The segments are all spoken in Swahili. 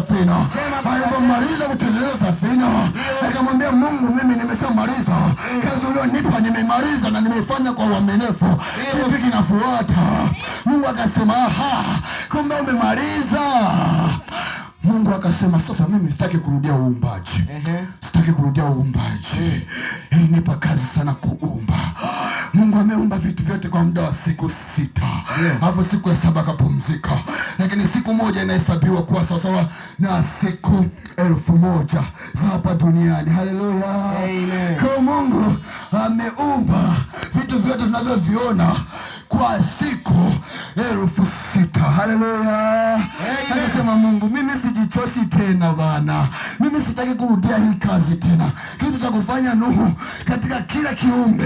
safina. Alipomaliza kutengeneza safina, akamwambia Mungu, mimi nimeshamaliza kazi ulionipa, nimemaliza na nimefanya kwa uaminifu, kipi kinafuata? Mungu akasema aha, kumbe umemaliza. Mungu akasema sasa, mimi sitaki kurudia uumbaji, sitaki kurudia uumbaji, ilinipa kazi sana kuumba Mungu ameumba vitu vyote kwa muda wa siku sita, alafu siku ya saba akapumzika, lakini siku moja inahesabiwa kuwa sawasawa na siku elfu moja za hapa duniani. Haleluya! Kwa Mungu ameumba vitu vyote tunavyoviona kwa siku elfu sita. Haleluya! Anasema Mungu, mimi sijichoshi tena Bwana, mimi sitaki kurudia hii kazi tena. Kitu cha kufanya Nuhu, katika kila kiumbe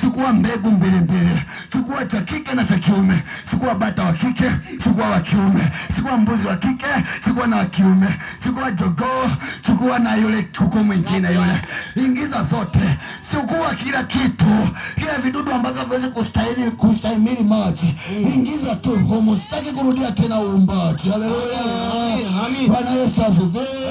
chukua mbegu mbili mbili, chukua cha kike na cha kiume, chukua bata wa kike, chukua wa kiume, chukua mbuzi wa kike, chukua na wa kiume, chukua jogoo, chukua na yule kuku mwingine yule, ingiza zote, chukua kila kitu, kila vidudu ambavyo haviwezi kustahili kustahili kuhimili maji, mm. ingiza tu homo, sitaki kurudia tena uumbaji. Haleluya, Bwana Yesu asifiwe.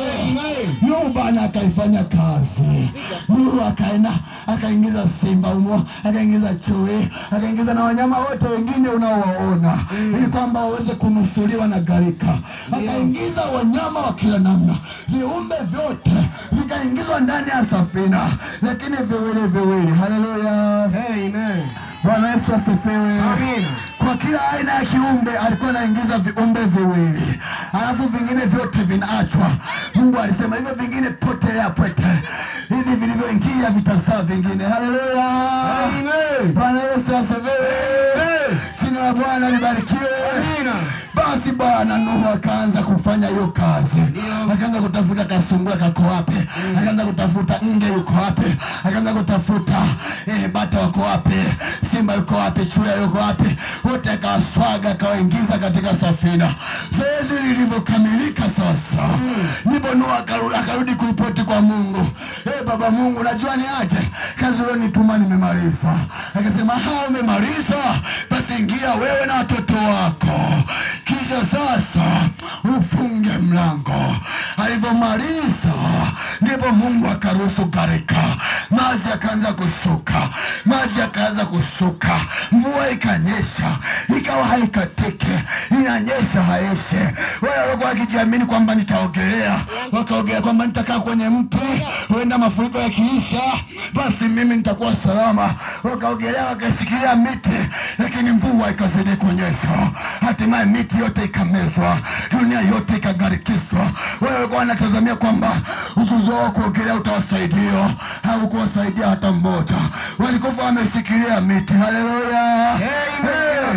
Nuhu bana akaifanya kazi. nuru akaenda akaingiza simba umo, akaingiza chui, akaingiza na wanyama wote wengine unaowaona mm. ili kwamba waweze kunusuliwa na gharika. Akaingiza wanyama wa kila namna, viumbe vyote vikaingizwa ndani ya safina, lakini viwili viwili. Haleluya, amen. Bwana Yesu asifiwe. Amina kwa kila aina ya kiumbe alikuwa anaingiza viumbe viwili, alafu vingine vyote vinaachwa. Mungu alisema hivyo vingine potelea pwete, hivi vilivyoingia vitasaa vingine. Haleluya, amen. Bwana Yesu asifiwe, jina la Bwana libarikiwe, amina. Basi bwana Nuhu akaanza kufanya hiyo kazi, akaanza kutafuta kasungura kako wapi, mm. akaanza kutafuta nge yuko wapi, akaanza kutafuta eh, bata wako wapi, simba yuko wapi, chura yuko wapi, wote akawaswaga akawaingiza katika safina. Zoezi lilivyokamilika sasa, mm. ndipo Nuhu akarudi kuripoti kwa Mungu. Hey, eh, baba Mungu, najua aje kazi ulionituma nimemaliza. Akasema, ha, umemaliza basi, ingia wewe na watoto wako Anza sasa ufunge mlango. Alivyomaliza ndipo Mungu akaruhusu gharika, maji akaanza kusuka, maji akaanza kusuka, mvua ikanyesha, ikawa haikatike, inanyesha haeshe. Wale walikuwa wakijiamini kwamba nitaogelea, wakaogelea kwamba nitakaa kwenye mti, huenda mafuriko yakiisha, basi mimi nitakuwa salama, wakaogelea, wakashikilia miti, lakini mvua ikazidi kunyesha, hatimaye miti yote ikamezwa dunia yote ikagarikiswa. Wewe kwa natazamia kwamba ujuzi wao kuogelea utawasaidia, haukuwasaidia hata mmoja. Walikufa wamesikilia miti. Haleluya,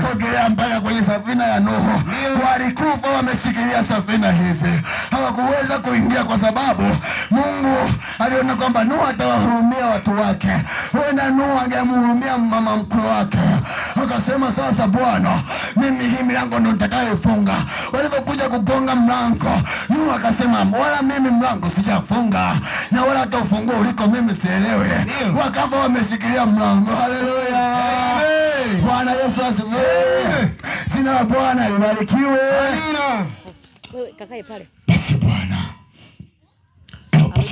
kuogelea mpaka kwenye safina ya Nuhu, walikufa wamesikilia safina hivi, hawakuweza kuingia kwa sababu Mungu aliona kwamba Nuhu atawahurumia watu wake, huenda Nuhu angemhurumia mama mkwe wake. Akasema, sasa Bwana, mimi hii milango ndo nitakayoifunga. Walivyokuja kugonga mlango, Nuhu akasema, wala mimi mlango sijafunga na wala hata uliko mimi sielewe wakava wameshikilia mlango. Haleluya, Bwana Yesu asifiwe. Jina la Bwana libarikiwe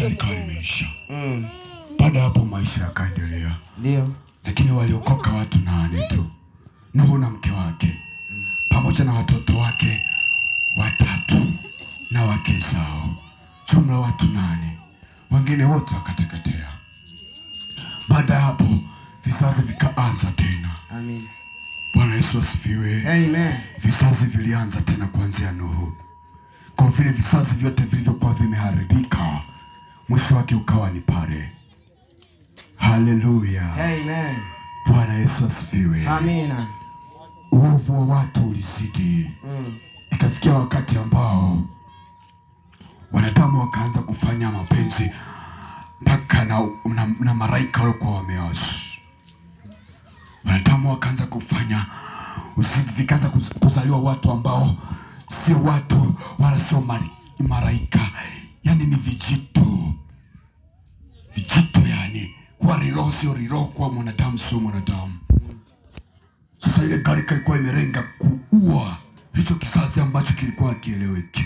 serikali imeisha. Mm. Baada hapo maisha yakaendelea. Ndio. Lakini waliokoka watu nane tu. Nuhu na mke wake pamoja na watoto wake watatu na wake zao, jumla watu nane. Wengine wote wakateketea. Baada ya hapo vizazi vikaanza tena. Amen. Bwana Yesu asifiwe. Amen. Vizazi vilianza tena kuanzia Nuhu, kwa vile vizazi vyote vilivyokuwa vimeharibika mwisho wake ukawa ni pale. Haleluya, amen. Bwana Yesu asifiwe, amina. Uovu wa watu ulizidi mm. Ikafikia wakati ambao wanadamu wakaanza kufanya mapenzi mpaka na, na, na maraika waliokuwa wameasi. Wanadamu wakaanza kufanya uzinzi, vikaanza kuzaliwa watu ambao sio watu wala sio maraika, yaani ni vijitu vijito, yani kuwa rilo sio rilo, kwa mwanadamu sio mwanadamu. Sasa ile gari kalikuwa imerenga kuua hicho kizazi ambacho kilikuwa kieleweki.